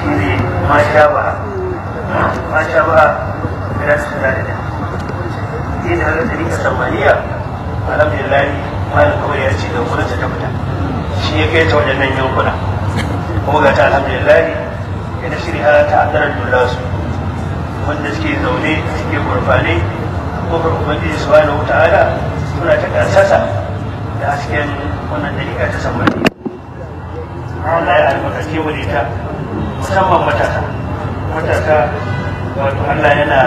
shine ma sha ba ma sha ba da su da da ne da haka tarika samaniya Alhamdulillahi malam kawai ya ce da wurin ta fita shi ya kai ta wajen yankuna kuma ga ta alhamdulillah yana shirya ta adaran dula su wanda suke zaune suke gurfane kofar ubangiji su wuta ala, suna ta kasasa da hasken wannan dalika ta samaniya Allah ya albarkace mu da ita musamman matasa matasa wato Allah yana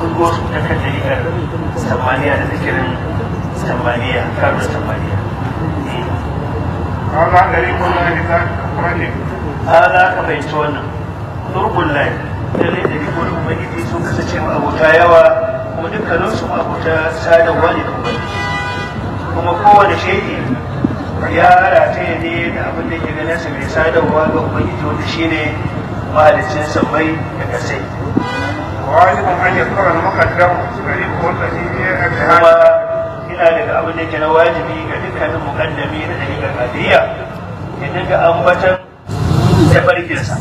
kurgo su ta kan jirgin samaniya da zikirin samaniya karo samaniya هذا طريق الله لذلك هذا كبيت wannan turkun lai lalle da ni gurin ubangiji sun kasance ma abota yawa kuma dukkanin su ma abota sadarwa ne kuma kowane shaidi ya rataye ne da abin da ke ganin sa mai sadarwa ga ubangiji wanda ne mahalicin sammai da kasai wajibin an yakura muqaddam sai ko tasiri a kuma ina daga abin da ke na wajibi ga dukkanin muqaddami na dalilin qadiyya ya daga ambatan tafarkinsa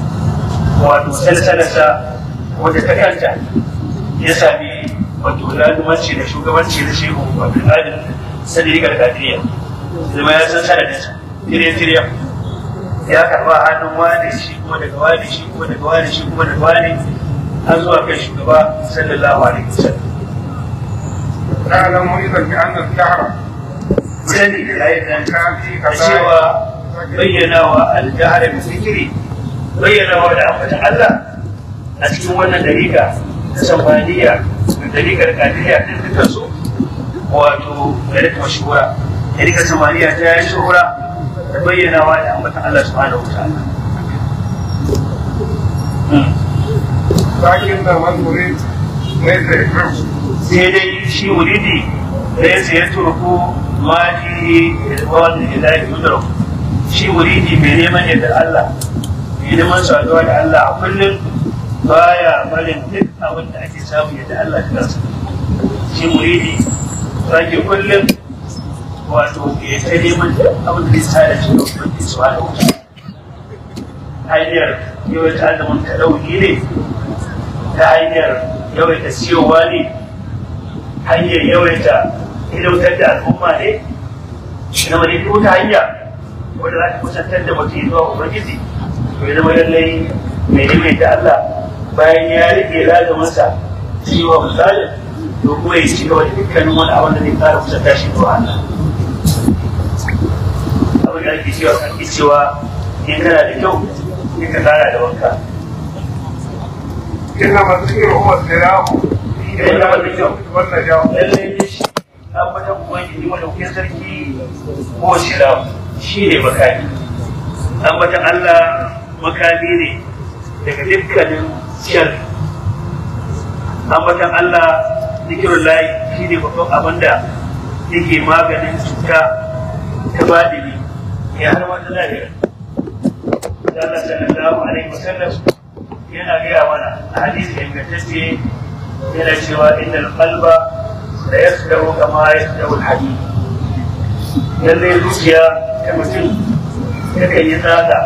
wato salsalarsa wadda ta kanta ya sami wato lalumanci da shugabanci da shehu abdulkadir sadiq al-qadiriyya zama ya san sanadinsa tire-tire ya karba hannun wane shi kuma daga wane shi kuma daga wane shi kuma daga wane har zuwa kai shugaba sallallahu alaihi wasallam ta'lamu idan bi anna al-dahra sani da aidan cewa bayyanawa al-dahra bi zikri bayyanawa da ambatan Allah a cikin wannan dariƙa ta sambaniya da dariƙar kadiriya da dukkan su wato dariƙar shura dariƙar sambaniya ta yi shura da bayyanawa da ambatan Allah subhanahu wa ta'ala lakin hmm. da man murid ne sai dai shi muridi ne sai ya turku ma fi ilwal ilahi yudrak shi muridi mai neman yadda Allah hidiman saduwa da Allah a kullum baya barin duk abin da ake samu yadda Allah ta nasa shi muridi sake kullum wato ya ta neman abin da zai da shi da kuma su ba da hanyar yawaita azumin ta ɗauki ne ta hanyar yawaita siyowa ne hanyar yawaita ilautar da al'umma ne na wani ko ta hanya wadda za ka kusantar da mutum zuwa ubangiji to ya zama lallai mai daidaita Allah bayan ya rike lazuminsa ciwon zalim to kuma ya ci gaba da dukkanin wani abin da zai ƙara kusantar shi zuwa Allah abin da ake cewa ake cewa in kana da kyau in ka kara da wanka inna masiru huwa silahu eh, inna masiru wannan jawo lallai ne shi abadan ubangiji madaukin sarki ko silahu shi ne makami ambatan Allah makami ne daga dukkanin shari ambatan Allah zikirun layi shi ne babban abin da yake maganin cuta ta badini ya har wata lafiya Allah sallallahu alaihi wasallam yana gaya mana a hadisi ingantacce yana cewa innal qalba la yasdaru kama yasdaru alhadid lalle zuciya ta mutum ta kan yi tsada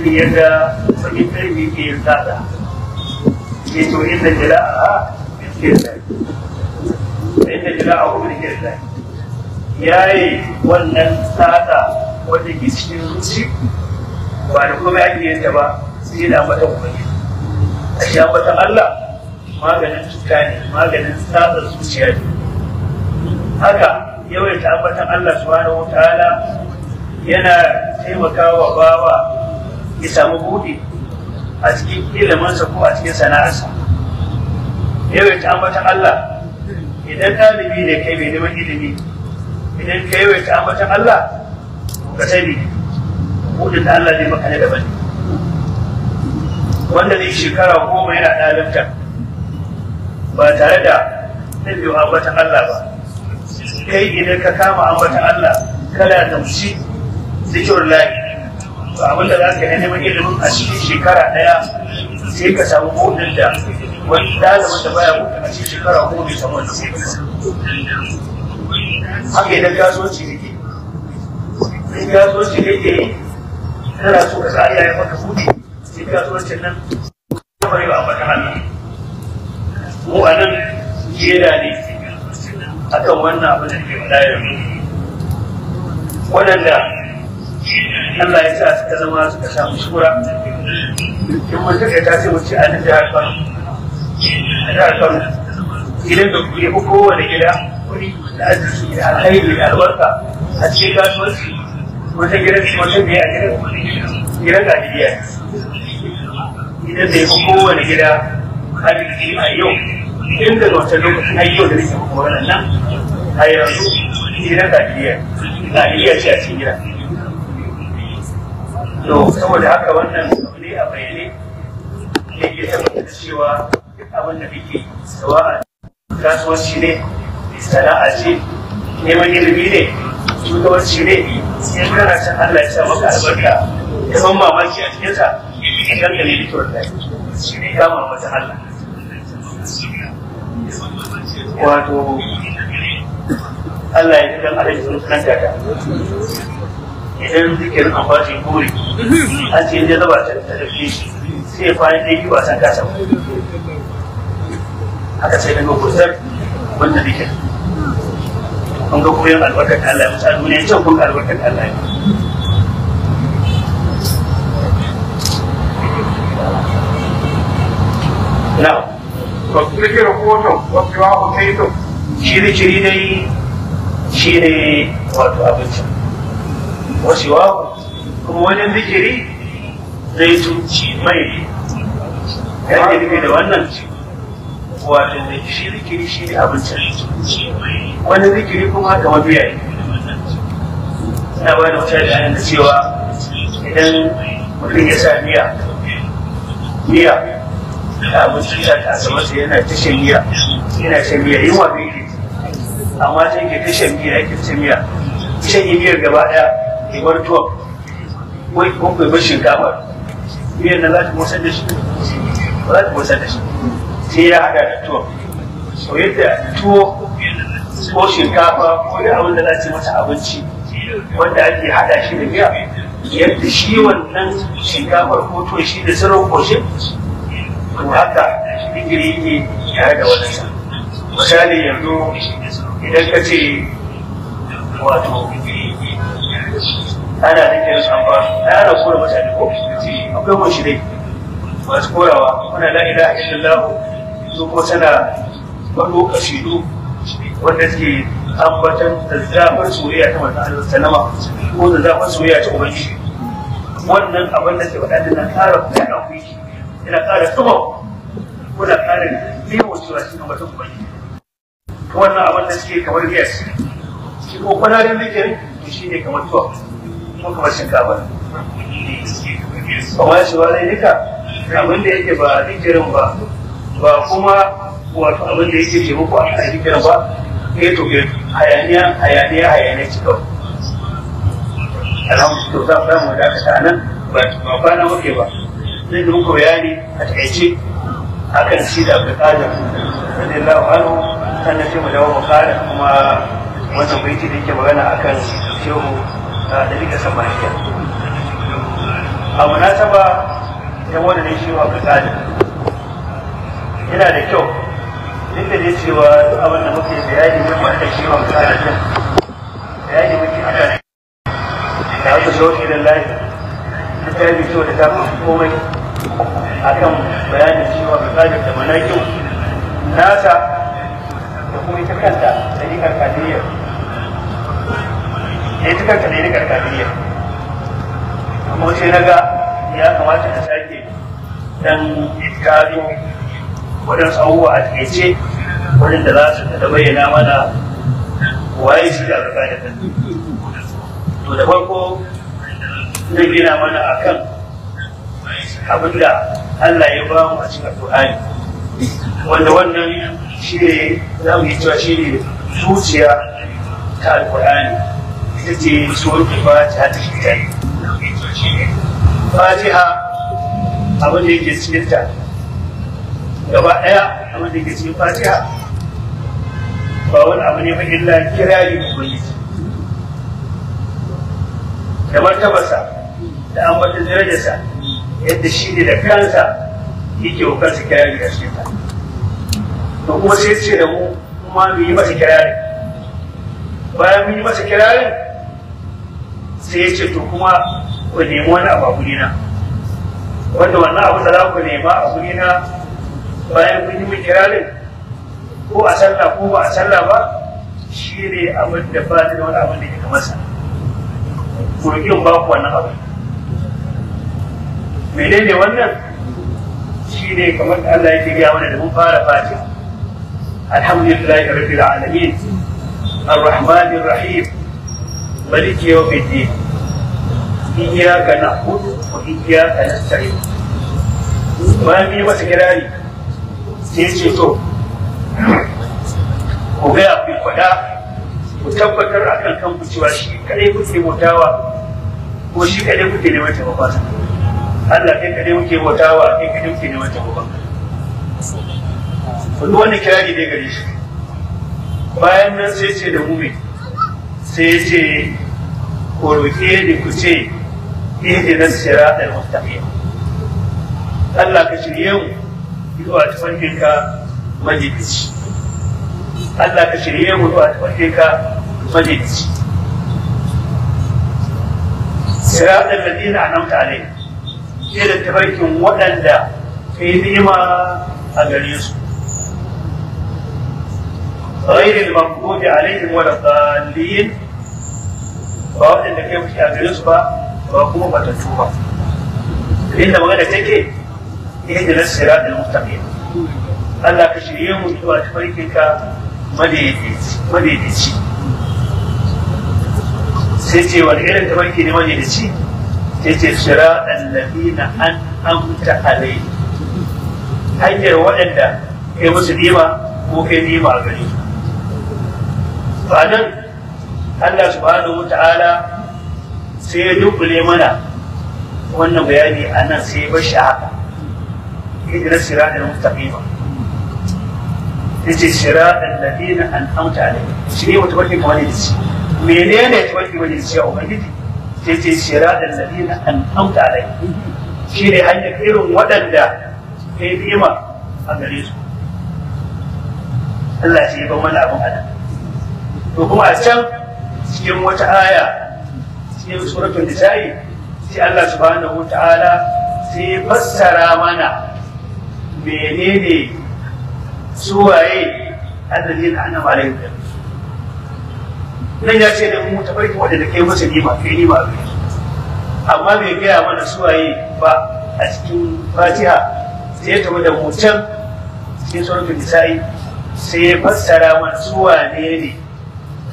irin yadda bakin karfi ke yin tsada ke to inda jira'a min kirkai inda jira'a kuma min yayi wannan tsada wanda ke cikin zuci ba da kuma ake yin ta ba sai da mata ubangi a shi ambatan Allah maganin cuta ne maganin tsada zuciya ne haka ta ambatan Allah su hana wata wataala yana taimakawa bawa ya samu buɗe a cikin ilimansa ko a cikin sana'arsa ta ambatan Allah idan ɗalibi ne kai mai neman ilimi idan ka yawaita ambatan Allah ka sani buɗin da Allah ne maka na daban wanda zai shekara goma yana ɗalibta ba tare da wa ambatan Allah ba kai idan ka kama ambatan Allah da tamshi zikirin lahi to abin da za ka yi neman ilimin a cikin shekara ɗaya sai ka samu buɗin da wani ɗalibin da baya buɗe a cikin shekara goma ka samu wani haka idan kasuwanci kake in kasuwanci kake yi kana so ka sa ya maka buɗe sai kasuwancin nan kamar yau a faɗi hannu. mu a nan jera ne kan wannan abin da ke faɗa yanzu waɗanda Allah ya sa suka zama suka samu shura in mun suka ta sai wuce an jihar Kano jihar Kano gidan da kuɗi ko kowane gida kuɗi da arziki da da albarka a cikin kasuwanci wata gidan wata biya a gidan gidan da ya fi kowane gida arziki a yau tun daga wata lokacin har yau da nake muku wannan nan a yanzu gidan gajiriya gajiriya ce a cikin gida to saboda haka wannan abu ne a bayyane da ke tabbatar cewa duk abin da muke kasuwanci ne sana'a ce neman ilimi ne shugabanci ne sai kana san Allah ya sa maka albarka ya san mamaki a cikin sa idan ka nemi to da shi ne kama mata Allah wato Allah ya kan alai sun kan daga idan zikirin amfani buri a cikin da zaba ta tafi shi sai fa ne yi wasan kasa haka sai da gobe wanda nake kun ga koyon albarkar Allah ya mutu a duniya can kun albarkar Allah ya Now, ba su rike rahoton wasu ba kai to shiri-shiri dai shi ne wato abinci wasu wa kuma wani zikiri zai tuci mai yadda nufi da wannan ciwo wato mai shi zikiri shi ne abincin wani zikiri kuma ga mabiya ne na ba da mutane a da cewa idan mutum ya sa miya miya da abincin da ta sama sai yana tashin miya yana shan miya yin wa bai amma ta yake tashin miya yake tashin miya shan yi miyar gaba ɗaya ya bar tuwon wai kuma bai bar shinkafa miyar na za ta motsa da shi ba za ta motsa da shi sai ya haɗa da tuwo so yadda tuwo ko shinkafa ko da abin da za ce masa abinci wanda ake haɗa shi da miya yadda shi wannan shinkafar ko tuwo shi da sirrin koshin to haka digiri yake tare da wannan misali yanzu idan ka ce wato ana da ke san ba na ana kora mutane ko akwai mun shi dai masu korawa kuna a ilaha illallah zo kuma tana faɗo kashidu wanda suke ambatan da zafin soyayya ta manzan Allah sallama ko da zafin soyayya ta ubangiji wannan abin da ke wadanda na ƙara kuɗa ku yake yana ƙara tsuma kuna ne neman cewa shi kan batun ubangiji wannan abin da suke kamar giya shi shi ko kwanarin zikirin to shi ne kamar tuwa kuma kamar shinkafa ba ma shi wa zai duka abin da yake ba zikirin ba ba kuma wato abin da yake taimako a cikin kira ba kai eh to hayaniya hayaniya hayaniya ci kawai alhamdulillah za mu samu da aka sa nan ba kwana muke ba zai da muku bayani a taƙaice a kan shi da abu kajar radi Allah anhu sannan ce mu dawo mu kara kuma wannan baiti da yake magana a kan shehu ah, da samariya. samaniya a munasaba ya wani ne wa abu kajar yana da kyau duk da cewa abin da muke bayani mun ba da ciwon kanadin bayani muke ana da da wasu shi da lai ta tafi kyau da ta fi komai akan bayanin ciwon kanadin da mana kyau nasa da kuma ita kanta da yi kadiriyar da ita kanta da ikar kadiriyar amma sai na ga ya kamata a sake dan ikari waɗansu abubuwa a takaice waɗanda za su da bayyana mana waye shi da alƙa da to da farko zan gina mana akan abin da Allah ya ba mu a cikin Qur'ani wanda wannan shi ne za mu yi cewa shi ne zuciya ta Al-Qur'ani ita ce suratul ba ta shi ta Fatiha abin da yake cikin ta gaba ɗaya a wanda ke cikin fatiha ba wani abu ne ba illa kirari da ubangiji da martabarsa da ambatan darajarsa yadda shi ne da kansa yake wa kansa kirari da shi to kuma sai ce da mu kuma mu yi masa kirari bayan mu yi masa kirari sai ya ce to kuma ku nemi wani abu a gurina wanda wannan abu da za ku nema a gurina bayan kun yi kirarin ko a sallah ko ba a sallah ba shi ne abin da ba da wani abin da ya kamata ku roƙi ba ku wannan abin menene wannan shi ne kamar Allah yake gaya mana da mun fara fatiha alhamdulillahi rabbil alamin الرحمن الرحيم ملك يوم الدين إياك نعبد وإياك نستعين ما في مسكراني sai ya ce to ku gaya ku faɗa ku tabbatar a kan kanku cewa shi kaɗai kuke motawa ko shi kaɗai kuke neman taimakon Allah kai kaɗai muke motawa kai kaɗai kuke neman taimakon wanda wani kirari ne gare shi bayan nan sai ce da mumin sai ce ko roƙe ni ku ce ihdinas siratal mustaqim Allah ka shirye mu zuwa tafarkin ka Allah ka shirye mu zuwa tafarkin ka majalici siratul ladina anamta alaihim irin tafarkin waɗanda ka yi ni'ima a gare su غير المغضوب عليهم ولا الضالين ba waɗanda kai kuke a gare su ba ba kuma ba magana take اهدنا الصراط المستقيم Allah ka shirye mu zuwa tafarkinka madaidaici sai ce wani irin tafarki ne madaidaici sai ce shira na an amta alai hanyar waɗanda kai musu nima ko kai nima a gare Ba nan Allah subhanahu wa ta'ala sai ya dunkule mana wannan bayani a nan sai ya bashi shi haka اهدنا الصراط المستقيم yace siratal ladina an'amta alaihim shi ne wata barkin kamar da shi menene ta barkin wani shi a ubangiji sai ce siratal ladina an'amta alaihim shi ne hanyar irin waɗanda kai ni'ima a gare su ya wani kuma a can cikin wata aya cikin suratul nisa'i sai Allah subhanahu wa ta'ala sai fassara mana menene suwaye alladin annabi alaihi wasallam nan ya ce da mu tabarki wanda kai masa ni ba kai ni ba amma bai gaya mana suwaye ba a cikin fatiha sai ya tabbata mu can cikin suratul nisa'i sai ya fassara mana suwaye ne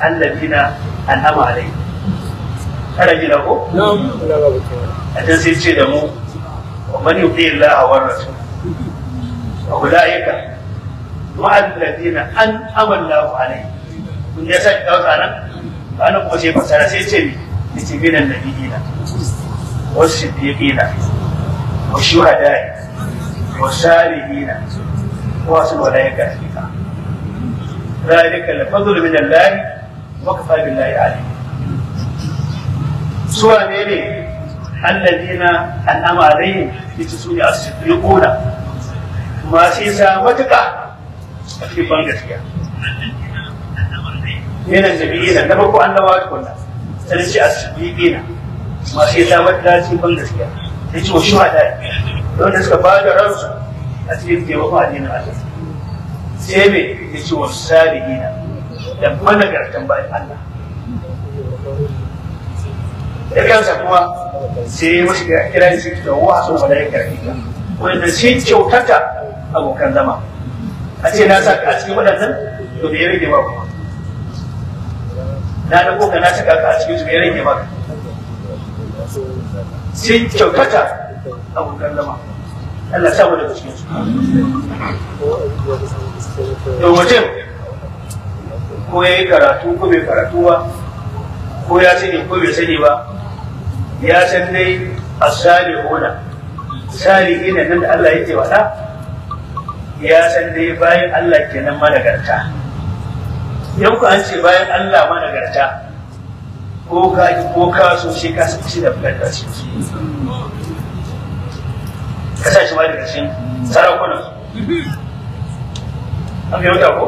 alladina annabi alaihi kada ji da ko a can sai ce da mu wa man yuti Allah wa rasul أولئك مع الذين أنعم الله عليهم kun ya sake kawo tsanan ana kuma ce fasara sai ce mi nake bin annabiyina wa wa ذلك الفضل من الله وكفى بالله عليم سوى الذين أنعم عليهم يتسوني الصديقون masu isa matuƙa a cikin ban gaskiya yana nabiyina na bako annabawa tukunna sai ce asbiqina masu isa matuƙa cikin ban gaskiya sai ce wa shuhada wanda suka ba da ransu a cikin taimakon addinin Allah sai me ya ce wa gina da managartan bayan Allah Ɗan kuma sai ya mashi kira shi da wasu malaikar ita wanda sai kyautata abokan zama a ce na saka a cikin waɗannan to bai ya rage ba kuma na da ka na saka ka a cikin su bai ya rage ba sun kyautata abokan zama Allah sa mu daga cikin su to mutum ko ya yi karatu ko bai karatu ba ko ya sani ko bai sani ba ya san dai sali hona sali ina nan da Allah yake faɗa ya san dai bayan Allah kenan managarta idan ku an ce bayan Allah managarta ko ka ko ka so shi ka san shi da fadar shi ka sa shi ma daga cikin an fi yauta ko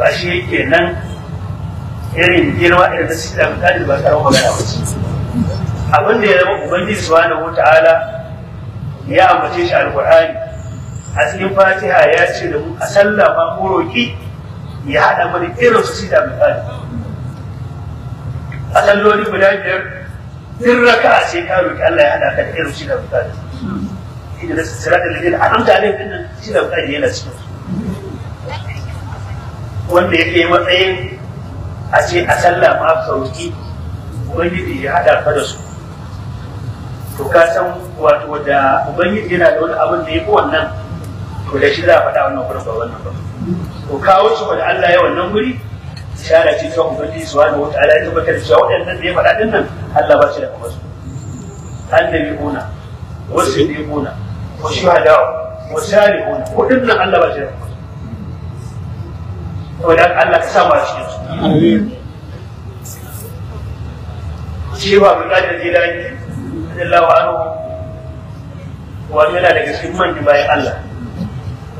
ba shi ke nan irin girma irin da shi da mutane ba karon magana ba abin da ya zama ubangiji subhanahu wataala ya ambace shi alqur'ani a cikin fatiha ya ce da mu a sallah ma roƙi ya haɗa mani irin su mai misali a salloli guda biyar tun raka a sai karo ki Allah ya haɗa ka da irin mai misali inda da sira da lalila a ne kan nan mai misali yana cikin wanda ya kai matsayin a ce a sallah ma sauki ubangiji ya haɗa ka da su to ka san wato da ubangiji yana da wani abin da ya fi wannan ko da shi za a faɗa wannan gurin ba wannan ba to kawo su da Allah ya wannan guri ishara ce ta ubangiji subhanahu wataala ya tabbatar da cewa waɗannan da ya faɗa din nan Allah ba shi da kamar su annabiyuna ko wa shuhada ko salihuna nan Allah ba shi da kamar su to dan Allah ka sa ma a cikin su amin cewa bi kadir jilani radiyallahu anhu wa yana daga cikin manyan bayan Allah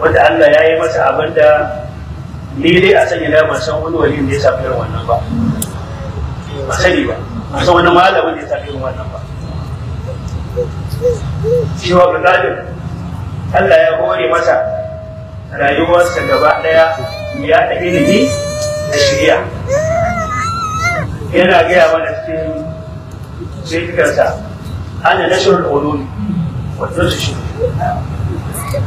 wanda Allah ya yi masa abin da ni dai a sanya na masan san wani waliyin da ya samu irin wannan ba a sani ba a san wani malamin da ya samu irin wannan ba Cewa ga bin Allah ya hore masa rayuwarsa gaba ɗaya ya da ilimi da shirya yana gaya mana cikin shirkarsa ana nashirul ololi, wato su shi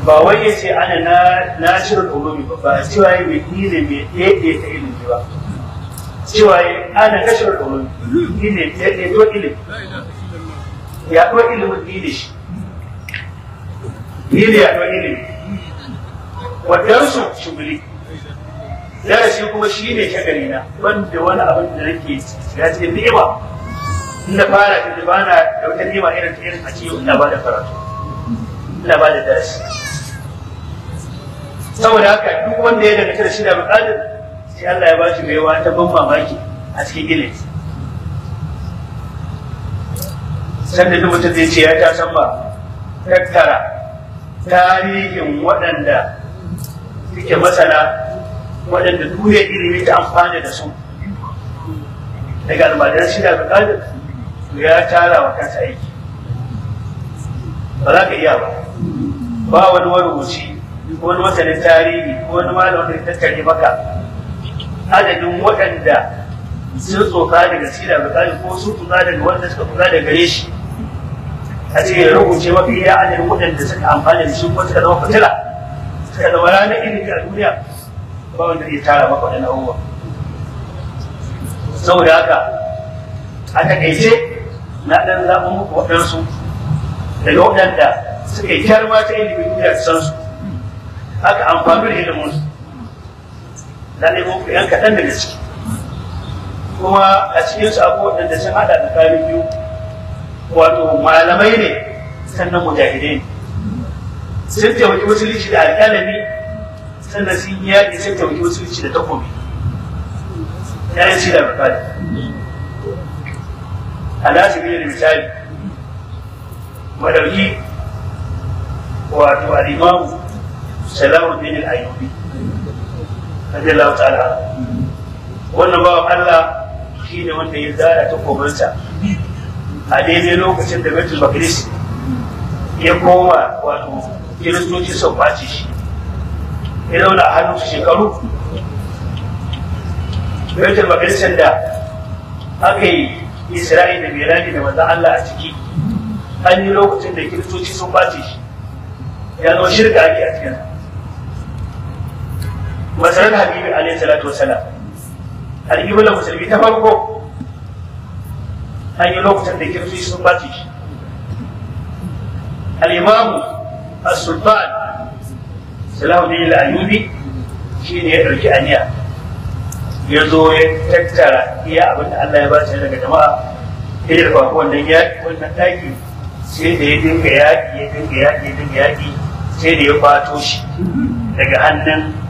ba wai ya ce ana na na shirin ulumi ba ba cewa yi mai mai ɗaya ta ilimi ba cewa yi ana na shirin ulumi ilimi ɗaya ta ilimi ya to ilimin ni ne shi ni ne ya to ilimi wadansu shuguli darasi kuma shi ne shagalina na wanda wani abin da nake ya ce ni'ima ina fara da ba na da wata ni'ima irin ta irin a ce ina ba da karatu ina ba da darasi saboda haka duk wanda ya daga da shi da bukatar sai Allah ya bashi shi yawa ta ban mamaki a cikin ilimi sanda duk mutum zai ce ya ta san ba tattara tarihin waɗanda suke masana waɗanda duniya ilimi ta amfana da su daga almajiran shi da bukatar ya tara wa kansa aiki ba za ka iya ba ba wani wani wuce ko wani masanin tarihi ko wani malamin da tattare maka adadin waɗanda sun tsoka daga sira bukari ko sun tsoka daga wanda suka tsoka daga gare shi a cikin ya rubuce mafi iya adadin waɗanda suka amfana da shi ko suka zama fitila suka zama ranar ilimi a duniya ba wanda zai tara maka waɗanda abubuwa saboda haka a takaice na ɗan zaɓin waɗansu daga waɗanda suka yi kyarma ta ilimi duniya su san su Haka amfani da ilimin su lalle mun yan kaɗan daga ciki kuma a cikin su abu waɗanda sun haɗa da kayan biyu wato malamai ne sannan mujahidai ne sun taimaki lishi da alƙalami sannan sun yi yaƙi sun taimaki lishi da takobi ya yi sila bukali alhaji ne da misali madauki wato al'imamu salahuddin al-ayyubi radiyallahu ta'ala wannan bawan Allah shi ne wanda ya zara ta komansa a daidai lokacin da Baitul Maqdis ya koma wato kiristoci sun ɓaci shi ya zauna a hannun shekaru Baitul Maqdis da aka yi Isra'i da Mirani da manzon Allah a ciki an yi lokacin da kiristoci sun ɓaci shi ya zama shirka ake a cikin masarar habibi alaihi salatu wasalam alƙiblar musulmi ta farko an yi lokutan da kirfi sun bace shi al'imamu as-sultan salahuddin al shi ne ya ɗauki aniya ya zo ya tattara iya abin da Allah ya ba shi daga jama'a ya ko wannan yaƙi wannan ɗaki sai da ya dinga yaƙi ya dinga yaƙi ya dinga yaƙi sai da ya kwato shi daga hannun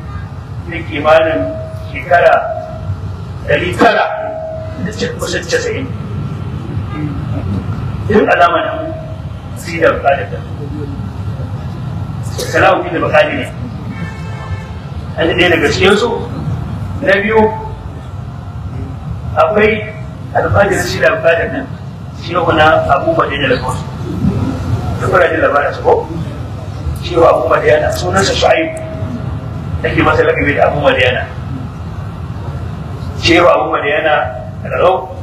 na kimanin shekara ɗari tara da kusan casa'in duk alama na sai da bukadata salamu da bukadi ne an daina daga su na biyu akwai alfajirin shi da bukadar nan shi yau na abubuwa da ya da kuna jin labarin su ko shi yau abubuwa da yana sunansa shu'aibu ake masa lakabi da abu madiyana shehu abu madiyana rarau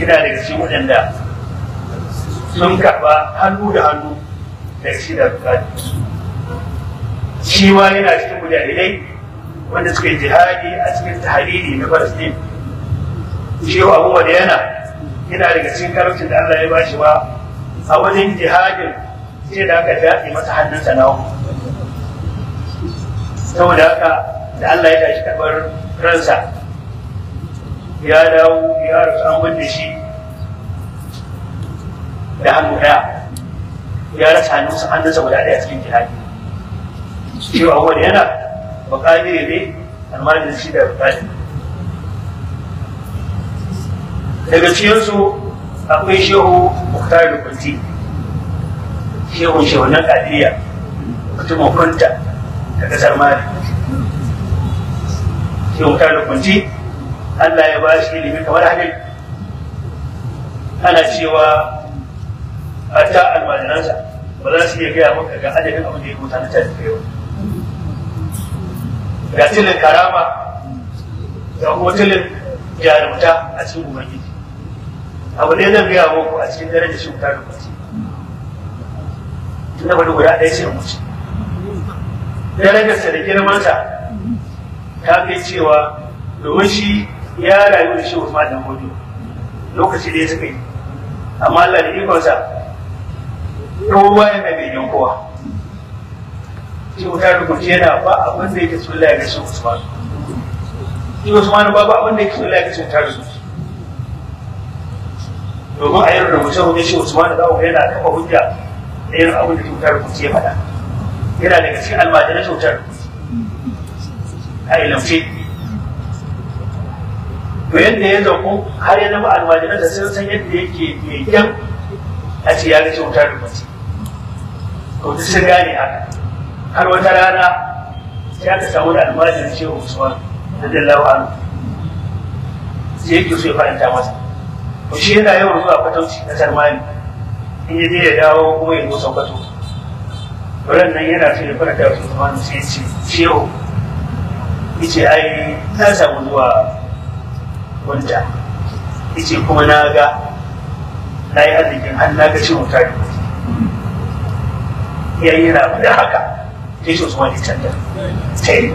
yana daga cikin waɗanda sun karɓa hannu da hannu da shi da bukatu shi ma yana cikin mujahidai wanda suka yi jihadi a cikin tahariri na falastin shehu abu madiyana yana daga cikin karfin da allah ya ba shi ba a wajen jihadin shi da aka daɗe masa hannunsa na saboda haka da Allah ya tashi karɓar ransa ya dawo ya rasu an wanda shi da hannu ɗaya ya rasa hannunsa hannunsa guda ɗaya cikin jihadi cewa wani yana bakali ne almajin shi da bakali daga cikinsu akwai shehu muktar da kunti shehun shehunan kadiriya mutumin kunta ta kasar mali shehun da kunci allah ya ba shi ilimin kamar hadin ana cewa ta almajiransa ba za su iya gaya maka ga adadin abin da ya rubuta na tafi yau ga tilin karama ga kuma tilin jarumta a cikin ubangiji abu ne zan gaya muku a cikin darajar shi mutar da kunci tunda bari guda ɗaya ce mace darajarsa da girmansa ta kai cewa domin shi ya rayu da shi Usman da Hojo lokaci da ya suka yi amma Allah da ikonsa kowa yana bai kowa shi ta rubuce yana ba abin da yake so Allah ya ga shi Usman shi Usman ba ba abin da yake so Allah ya ga shi wuta rubuce domin a yi rubuce wajen shi Usman da za yana kafa hujja da irin abin da cutar ku ce faɗa yana daga cikin na cutar a to yadda ya zaku har ya zama almajiran da sun san yadda yake mai kyan a ce ya ga cutar da ce to duk sun gane haka har wata rana sai aka samu da almajirin shehu usman radiyallahu anhu sai yake so ya faranta masa to shi yana yawan zuwa fatauci na sarmani in ya je ya dawo kuma ya zo sokoto Wurin nan yana cikin farka su da sai ce ciyo ice ai na samu zuwa wanda ice kuma na ga na yi arzikin an na ga ciwon tari ya yi na da haka ya ce usman ya canza ta yi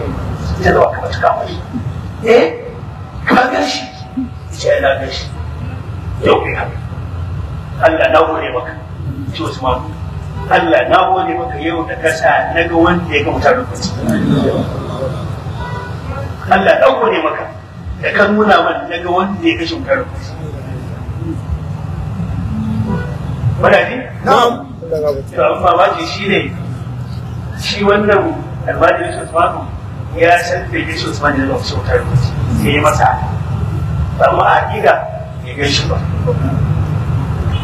ta zama kamar ta kama eh ka gan shi yace ai na gan shi yau kai haka Allah na gode maka ce Usman Allah na gode maka yau da kasa na ga wanda ya ga mutane lokaci Allah na gode maka da ka nuna man na ga wanda ya kashe mutane lokaci Wadadi? Na'am. To an mamaci shi ne shi wannan almajirin Usmanu ya san da ya shi Usmanu da lokacin wutar lokaci sai ya masa amma a hakika ya gaishe ba.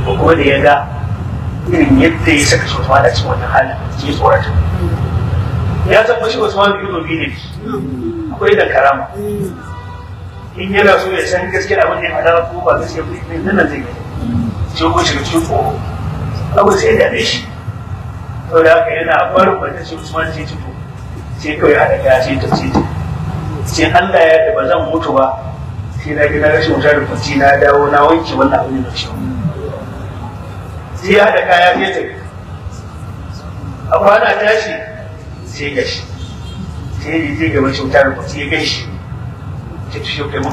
Ko kuma da ya ga irin yadda ya saka shi Usman a cikin wannan halin ya tsorata ya san mashi Usman bin Obi ne akwai da karama in yana so ya san gaske abin da ya faɗa ko ba gaskiya ba ne nan zai yi sai ko shi cikin tsoro abu sai da shi to da haka yana barin wata sai Usman sai ci to sai kawai a daga sai ta ce sai Allah ya da ba zan mutu ba sai na gina rashin wuta da kwanci na dawo na wanke wannan abin da shi sai ya kaya ya tafi a kwana tashi sai ga gashi sai ya gaba gaban shautar ku sai ya shi ta shi kai mun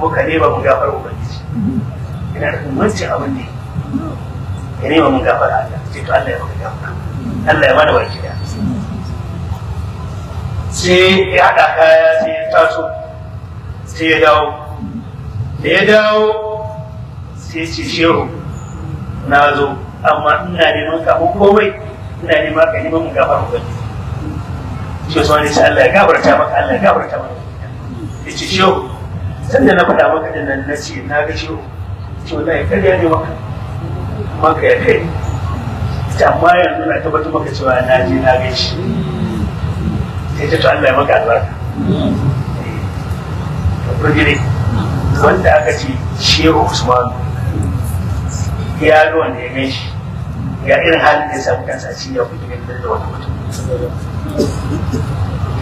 ko ka nema mun gafar ubangiji ina da wancan abin ne ka nema mun gafar Allah sai to Allah ya maka gafara Allah ya mana baki sai ya haɗa kaya sai ya taso sai ya dawo da ya dawo sai ce shehu na zo amma ina neman ka ko komai ina neman ka neman mun gafara ba shi so ne sai Allah ya gafarta maka Allah ya gafarta maka yace sho san da na faɗa maka din nan na ce na ga sho to na ya karya ne maka maka ya kai amma yanzu na tabbatar maka cewa na je na ga shi sai ta to Allah ya maka albarka to eh. ne wanda aka ce shehu Usman ya ga wanda ya gan shi ga irin halin da ya samu kansa shi ya kuɗi ganin da wani mutum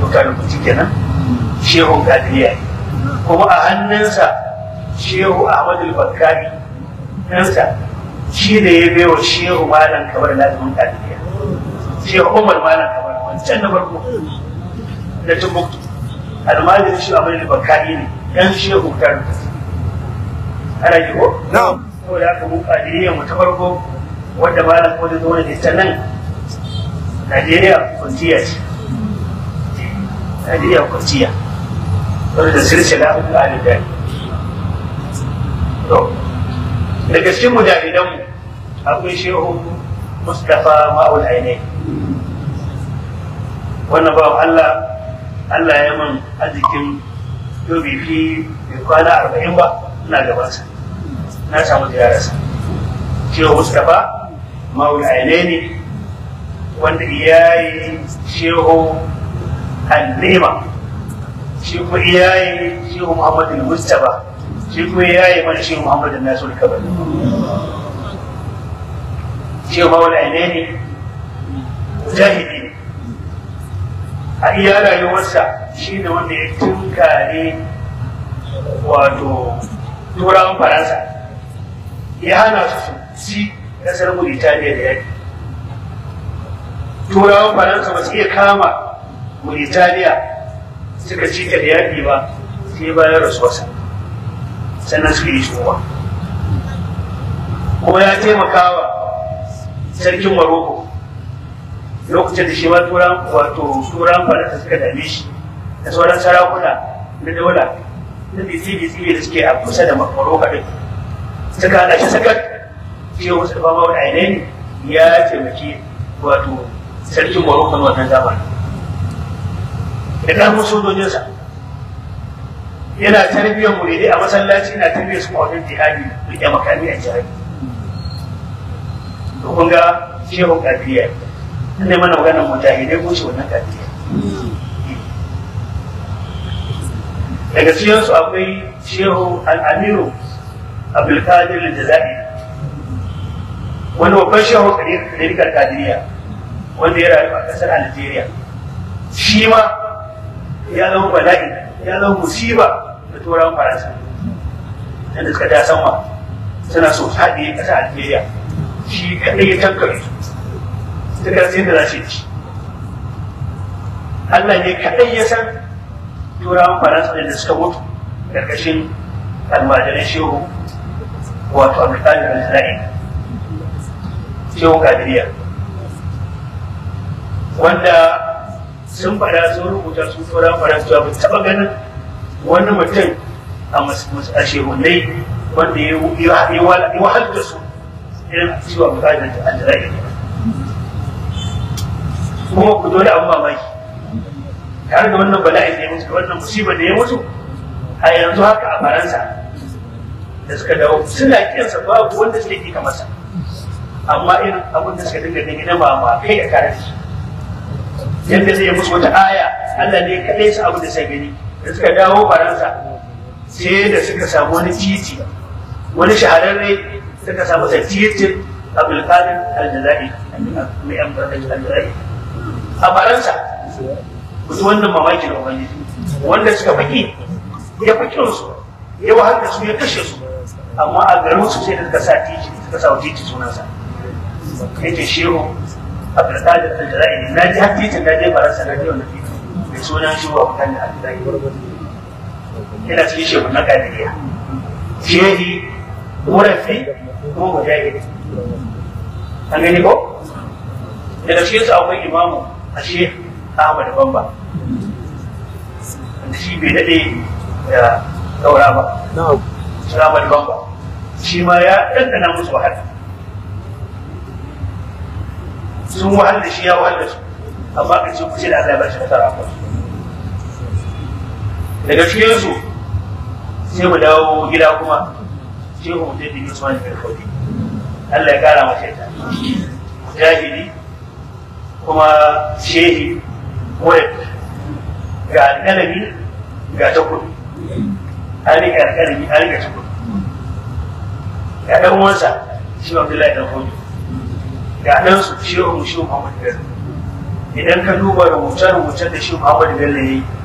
to ka rubuci kenan shehu kadiriya ne kuma a hannunsa shehu ahmadu bakari ɗansa shi da ya baiwa shehu malam kamar lazumin kadiriya shehu umar malam kamar wancan na farko da tubuktu almajin shi ahmadu bakari ne ɗan shehu ta karu ana yi ko? na'am saboda haka mu kadiriyar mu ta farko wadda malam ko da zo da ta nan Najeriya kwanciya ce Najeriya kwanciya wadda silsila uku a Najeriya to daga cikin mujahidanmu akwai shehu Mustapha Ma'ul Aine wannan ba Allah Allah ya min arzikin bai fi kwana arba'in ba ina gabansa na samu ziyararsa shehu mustapha mawul aine wanda yi shehu al-nema shi kuma yi shehu muhammadu mustapha shi kuma yi mana shehu muhammadu nasiru kabari shehu mawul aine ne jahidi a iya rayuwarsa shi ne wanda ya tunkare wato turawan faransa ya hana su su ci kasar Mauritania da yaki turawan faransa ba su iya kama Mauritania suka ci ta da yaƙi ba sai bayan rasuwarsa sannan suka yi shugaba kuma ya taimaka wa sarkin maroko lokacin da shi ma turan wato turan faransa suka dame shi da sauran sarakuna na daula na bitsibi-tsibi da suke a kusa da maroko din suka hada shi sakat ce wasu da fama wani ainihin ya taimaki wato sarkin morocco na wannan zamanin da ƙarfin sojojinsa yana tarbiyyar muridai a masallaci na tarbiyyar su kwanin jihadi da ya makami a jihadi da kun ga shehun kafiya ne mana maganar mujahidai ko shi wannan kafiya daga cikinsu akwai shehu al al'amiru abdulkadir al-jazairi wani babban shehu ɗarikar kadiriya wanda ya rayu a ƙasar algeria shi ma ya zama bala'i ya zama musiba da turawan faransa Yadda suka da sama suna so haɗe ƙasar algeria shi kaɗai ya tankare su ta karsin da za su ci allah ne kaɗai ya san turawan faransa da suka mutu ƙarƙashin almajiran shehu wato alƙali bin isra'il ciwon kadiriya wanda sun faɗa sun rubuta sun tsora faɗa cewa ba taɓa ganin wani mutum a shehunai wanda ya wahal da su irin ciwon alƙali bin isra'il kuma ku dole abu mamaki tare da wannan bala'in da ya mutu da wannan musibar da ya mutu a yanzu haka a faransa da suka dawo suna kinsa babu wanda suke yi kamar sa amma irin abin da suka dinga gina na ma kai da kare shi yadda zai musu wata aya Allah ne kadai su abin da sai gani da suka dawo faransa sai da suka samu wani titi wani shahararre suka samu sa titin al jazai mai jazai a faransa mutu wannan mamaki na ubangiji wanda suka faki ya fakin su ya wahal su ya kashe su amma a garin su sai da suka sa titi suka sa titi sunansa ce shehu da al ne, na ji har titin na je faransa na je wannan titi mai sunan shehu abdulkadir al-jara'i yana cikin shehu na kadiriya shehi murafi ko mujahidi an gani ko daga cikin su akwai imamu a shehu ahmad bamba da shi bai daɗe da ɗaura ba. Shiramal Bamba. shi ma ya ɗanɗana musu wahala sun wahala shi ya wahala su amma ka ce kuce da Allah ya bashi nasara a kansu daga cikinsu sai mu dawo gida kuma sai mu mutum da Usman bin Khawfi Allah ya kara masa ita mujahidi kuma shehi murid ga alƙalami ga takobi an ga alƙalami an ga takobi ga ɗan uwansa shi Abdullahi dan Hudu ga ɗan su shi Shehu Muhammad Bello idan ka duba rubuce-rubucen da shi Muhammad Bello yayi yi